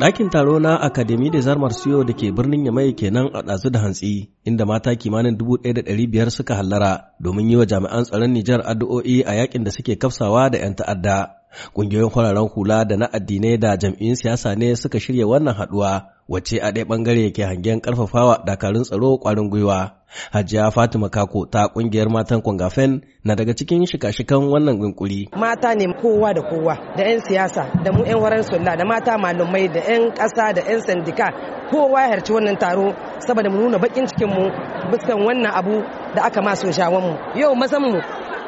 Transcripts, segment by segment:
Ɗakin taro na Akademi da Zarmar Siyo da ke birnin Yamai kenan a ɗazu da hantsi, inda mata kimanin dubu ɗaya da ɗari biyar suka hallara domin yi wa jami'an tsaron Nijar addu'o'i a yakin da suke kafsawa da 'yan ta'adda. Ƙungiyoyin fararen hula da na addinai da jam'iyyun siyasa ne suka shirya wannan haɗuwa wace a ɗaya ɓangare ke hangen ƙarfafawa dakarun tsaro ƙwarin gwiwa. Hajiya Fatima Kako ta ƙungiyar matan Kwangafen na daga cikin shika-shikan wannan gunkuri. Mata ne kowa da kowa da 'yan siyasa da mu 'yan waran sulla da mata malumai da 'yan ƙasa da 'yan sandika kowa ya harci wannan taro saboda mu nuna bakin cikin mu biskan wannan abu da aka ma sun shawon mu yau mazan mu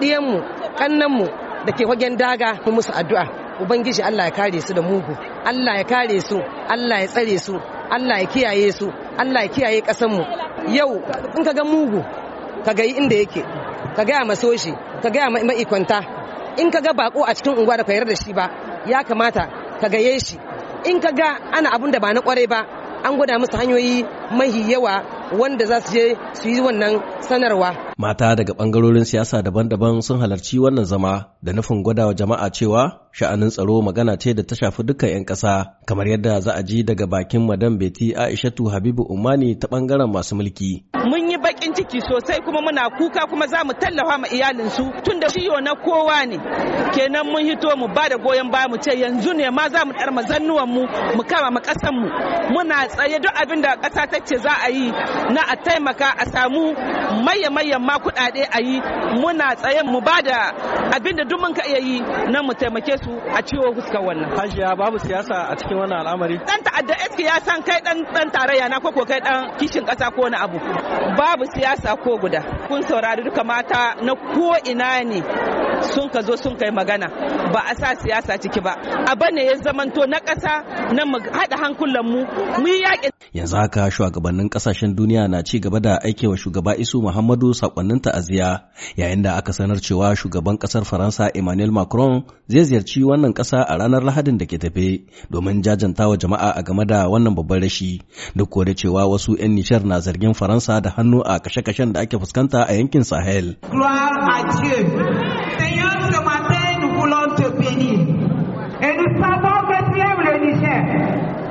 ɗiyan mu da ke wagen daga mu musu addu'a ubangiji Allah ya kare su da mugu Allah ya kare su Allah ya tsare su Allah ya kiyaye su Allah ya kiyaye kasar mu yau in ka ga mugu ka ga inda yake ka ga ma soshi ka ga ma'ikwanta in ka ga bako a cikin unguwa da ka da shi ba ya kamata ka gaye shi in ka ga ana abun da ba na kwarai ba an gwada musu hanyoyi mahi yawa wanda za su je su yi wannan sanarwa. Mata daga ɓangarorin siyasa daban-daban sun halarci wannan zama da nufin gwada wa jama'a cewa sha'anin tsaro magana ce da ta shafi dukkan 'yan ƙasa kamar yadda za a ji daga bakin madam beti aishatu habibu umani ta ɓangaren masu mulki mun yi bakin ciki sosai kuma muna kuka kuma za mu tallafa ma iyalinsu tun da ciwo na kowa ne kenan mun hito mu ba da goyon baya mu ce yanzu ne ma za mu ɗar zannuwan mu mu kama ma ƙasan mu muna tsaye duk abin da ƙasa ta ce za a yi na a taimaka a samu maye mayan ma kuɗaɗe a yi muna tsaye mu ba da abin da duk mun ka iya yi na mu taimake su a cewa fuskar wannan hajiya babu siyasa a cikin wannan al'amari dan ta'adda eski ya san kai dan dan tarayya na ko kai dan kishin kasa ko wani abu babu siyasa ko guda kun saurari duka mata na ko ina ne sun ka zo sun kai magana ba a sa siyasa ciki ba a bane ya zamanto na kasa na haɗa hankulan mu mu yi yanzu haka shugabannin kasashen duniya na ci gaba da wa shugaba isu muhammadu sakonnin ta'aziyya yayin da aka sanar cewa shugaban kasar faransa emmanuel macron zai ziyarci wannan kasa a ranar lahadin da ke tafe domin jajanta wa jama'a a game da wannan babban rashi duk da cewa wasu 'yan nishar na zargin faransa da hannu a kashe-kashen da ake fuskanta a yankin sahel